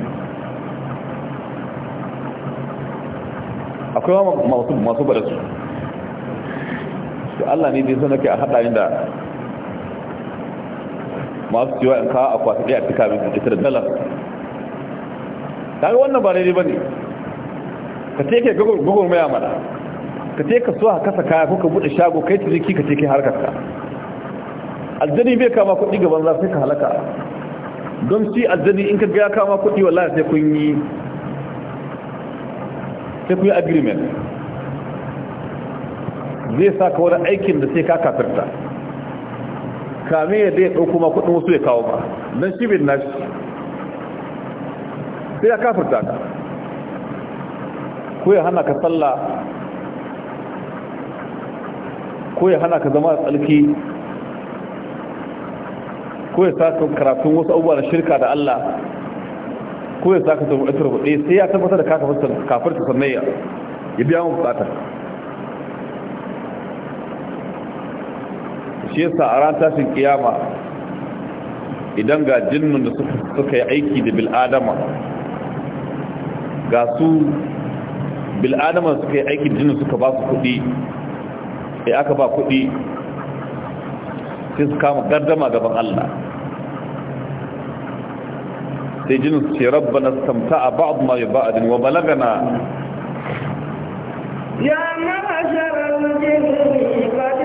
akwai masu masu bada su sai Allah ne dai sun ke a haɗa ni da masu cewa in kawo akwati ɗaya a cika mai da dalar kaga wannan ba daidai ne. ka ce ke gugun maya mana ka ce ka so a kasa kaya ko ka bude shago kai ciniki ka ce ke harkar ka aljani bai kama kuɗi gaban za sai ka halaka don shi aljani in ka gaya kama kuɗi wallah sai kun yi sai kun yi agreement zai sa ka wani aikin da sai ka kafirta kame ya zai ɗauko ma kuɗin wasu ya kawo ba don shi bin nashi sai ya kafirta ka ko ya hana ka sallah ko ya hana ka zama a tsalki ko ya saka karatun wasu abubuwa da shirka da Allah ko ya saka zama a turbuɗe sai ya tabbatar da kafarta sannaya ya biya mu bukatar shi yasa a ran tashin kiyama idan ga jinnun da suka yi aiki da bil'adama ga su bil'adama suka yi aikin jinin suka ba su kuɗi ya aka ba kuɗi sai su kama gardama gaban Allah sai jinin su ce rabba na samta a ba'ad ma yi ba'adin wa balagana ya ma'asharar jini ba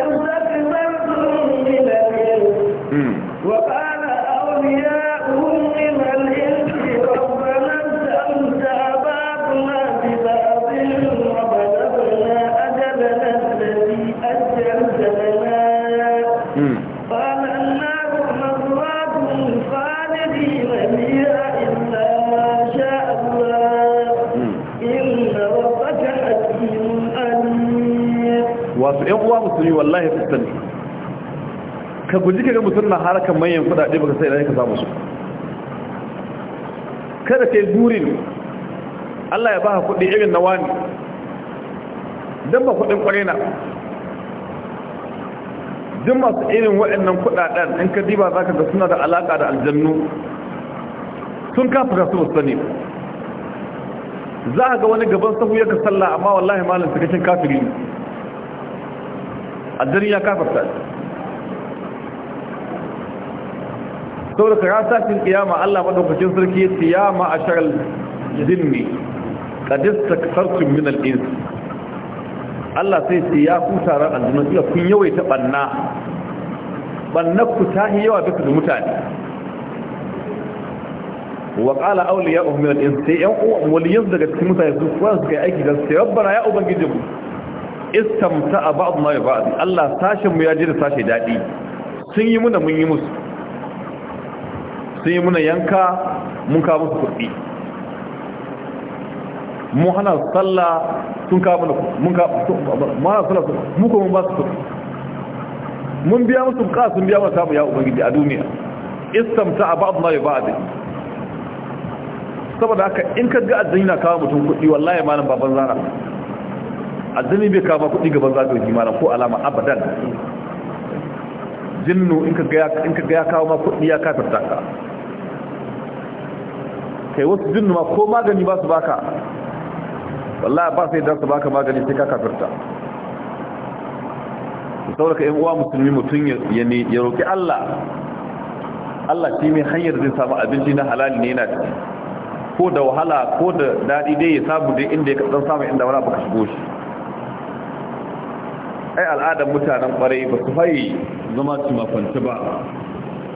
azumi wallahi fitan ka guji kaga mutum na harakan manyan kudade baka sai da ka samu su kada kai burin Allah ya baka kudi irin na wani dan ba kudin kwarena duk masu irin waɗannan kudaden in ka diba zaka ga suna da alaka da aljannu sun kafa su sani za a ga wani gaban sahu ya sallah amma wallahi malam kashin kafiri ne addini ya kafarta saboda ka rasa cin kiyama Allah madaukakin sarki ya ce ya ma'ashar jinni qadis taksartum min al-ins Allah sai ce ya ku taron aljinnu ya kun yawaita banna banna ku ta yi yawa duka da mutane wa qala awliya'uhum min al-ins sai yan uwa waliyan daga cikin mutane su kuma suka yi aiki da sai rabbana ya ubangijinmu istamta a ba'ad ma ba'ad Allah sashen mu ya ji da sashe daɗi sun yi muna mun yi musu sun yi muna yanka mun kawo musu kuɗi mun hana sallah sun kawo muna mun hana sallah mun kuma mun ba su kuɗi mun biya musu buƙa sun biya mata samu ya ubangiji a duniya istamta a ba'ad ma ba'ad saboda haka in ka ga addini na kawo mutum kuɗi wallahi malam baban zara azumi bai kama kudi gaban za ka yi ko alama abadan jinnu in ka gaya kawo ma kudi ya kafirta ka kai wasu jinnu ma ko magani ba su baka wallahi ba sai dan su baka magani sai ka kafirta saboda yan uwa musulmi mutum ya roƙi Allah Allah ce mai hanyar zai samu abinci na halali ne yana ko da wahala ko da daɗi dai ya samu dai inda ya kasan samun inda wani abu ka shigo shi ai al'adar mutanen kwarai ba su haye zama su mafanta ba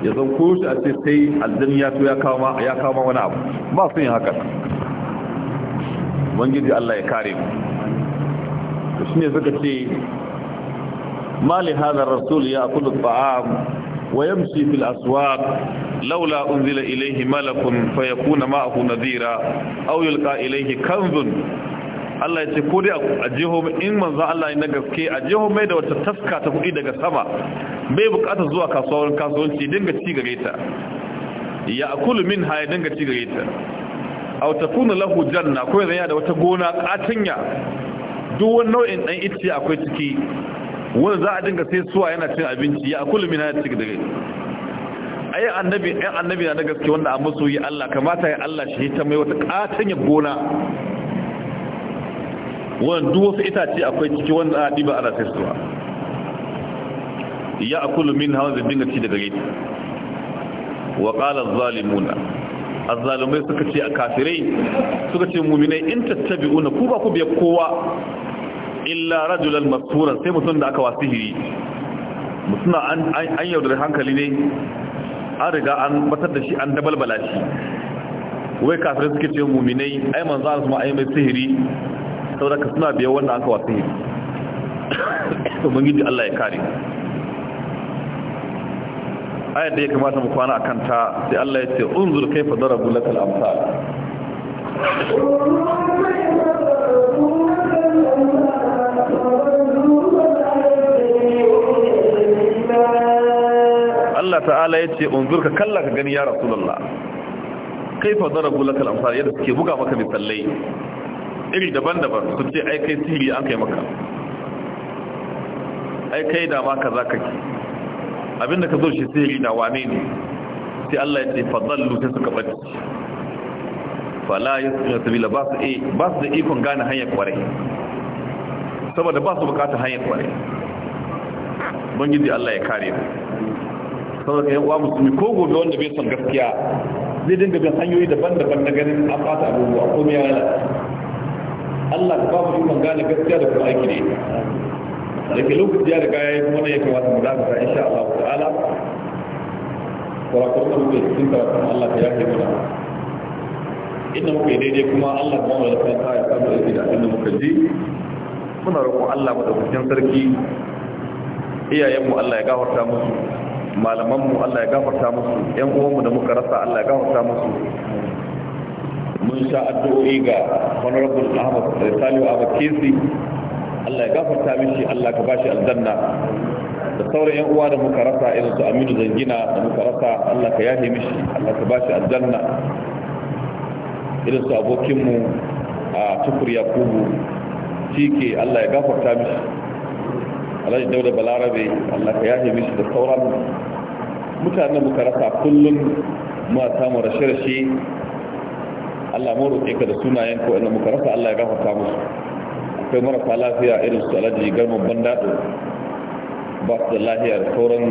ya zan ko a ce sai aljan ya to ya kama wani abu ba su yi haka ubangiji Allah ya kare mu to ne suka ce mali hadha rasul ya akulu ta'am wa yamshi fil aswaq laula unzila ilayhi malakun fayakuna ma'ahu nadhira aw yulqa ilayhi kanzun Allah ya ce ko dai a jeho in manzan Allah ne na gaske a jeho mai da wata taska ta kuɗi daga sama mai bukatar zuwa kasuwar kasuwanci dinga ci gare ta ya akulu min haya dinga ci gare ta aw takuna lahu janna ko yana da wata gona katanya duk wani nau'in dan icce akwai ciki wanda za a dinga sai suwa yana cin abinci ya akulu min haya gare dare ayi annabi ayi annabi na gaske wanda a yi Allah kamata ya Allah shi ta mai wata katanya gona wannan duk wasu itace akwai ciki wanda a ɗiba ana sai suwa ya akulu min hawan zai dinga ci daga gaiti wa qala az-zalimuna az-zalimai suka ce a kafirai suka ce mu'minai in tattabi'una ku ba ku biya kowa illa rajulan masura sai mutum da aka wasihiri mutum an an yaudar hankali ne an riga an batar da shi an dabalbala shi wai kafirai suka ce mu'minai ai manzo Allah kuma ai mai sihiri saboda ka suna biyan wannan aka wasu yi ubangiji Allah ya kare ayat da ya kamata mu kwana a kanta sai Allah ya ce unzur kaifa darabu lakal amsal Allah ta'ala ya ce unzur ka kalla ka gani ya rasulullah kaifa darabu lakal amsal yadda suke buga maka misalai iri daban-daban su ce ai kai sihiri an kai maka ai kai da ma kaza ki, abinda ka zo shi sihiri na wane ne sai Allah ya ce fadallu sai suka bace la yasmi sabila ba su e ba su da ikon gane hanyar kware saboda ba su bukata hanyar kware bangiji Allah ya kare mu saboda kai uwa musulmi ko gobe wanda bai son gaskiya zai dinga bin hanyoyi daban-daban na ganin an fata abubuwa ko me yana Allah ka babu ikon gane gaskiya da kuma aiki ne da ke lokaci ya riga ya yi kuma ne ya kamata mu dakata insha Allah ta'ala kwarakwar da muke cikin karatun Allah ta yake mana inda muka yi daidai kuma Allah kuma wani kanta ya samu aiki da abin da muka ji muna roƙon Allah madaukakin sarki iyayenmu Allah ya gafarta musu malamanmu Allah ya gafarta musu ƴan uwanmu da muka rasa Allah ya gafarta musu mun sha addu'o'i ga honorable ahmad salihu ahmad kesi allah ya gafarta mishi allah ka bashi aljanna da sauran yan uwa da muka rasa irin su aminu zangina da muka rasa allah ka yahe mishi allah ka bashi aljanna irin su abokinmu a tukur yakubu cike allah ya gafarta mishi alhaji dauda balarabe allah ka yahe mishi da sauran mutanen muka rasa kullum ma samu rashe-rashe Allah mu roƙe ka da sunayen ko inda muka rasa Allah ya gafarta musu akwai marasa lafiya irin su alaji garman bandado ba su da lafiya da sauran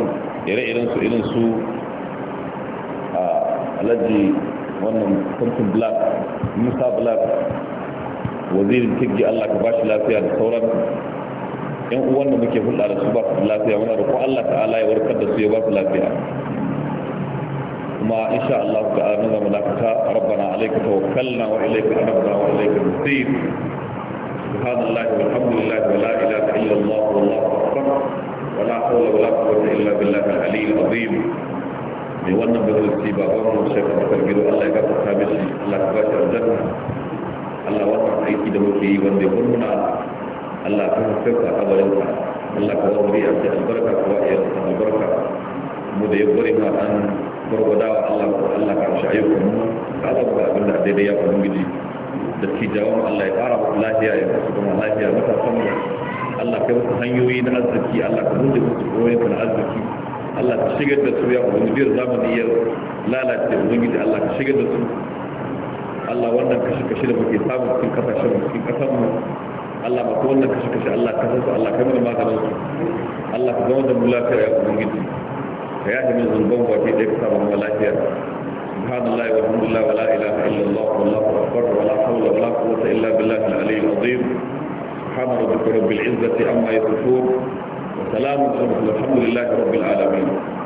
ire-iren su irin su a alaji wannan kwamfin black musa black wazirin tiggi Allah ka bashi lafiya da sauran yan uwan da muke hulɗa da su ba su lafiya wani da ko Allah ta'ala ya warkar da su ya ba su lafiya kuma insha Allah ta'ala za mu dakata rabbana alayka tawakkalna wa ilayka anabna wa ilayka nusir سبحان الله والحمد لله ولا إله إلا الله والله أكبر ولا حول ولا قوة إلا بالله العلي العظيم mai wannan ba zai ci baban mu sai ka farkar gido Allah ya gafarta mishi Allah ya bashi aljanna Allah wannan aiki da muke yi wanda ya murmuna Allah ka haska ka kabarin ka Allah ka wuri a cikin albarka kuwa ya albarka mu da ya bari ma an gargwadawa Allah ko Allah ka rushe ayyukan mu Allah abin da daidai ya da tijawan Allah ya fara lafiya ya kuma lafiya Allah kai hanyoyi na arziki Allah ka na arziki Allah ka shigar da su ya zamani ya lalace Allah ka shigar da su Allah wannan da muke samu cikin kasashen cikin kasar mu Allah ba wannan Allah ka Allah kai maganin su Allah ka zama da mu lafiya ya ubangiji ka من min وفي baki ɗaya ka سبحان الله والحمد لله ولا إله إلا الله والله أكبر ولا حول ولا قوة إلا بالله العلي العظيم سبحان ربك رب العزة عما يصفون وسلام والحمد لله رب العالمين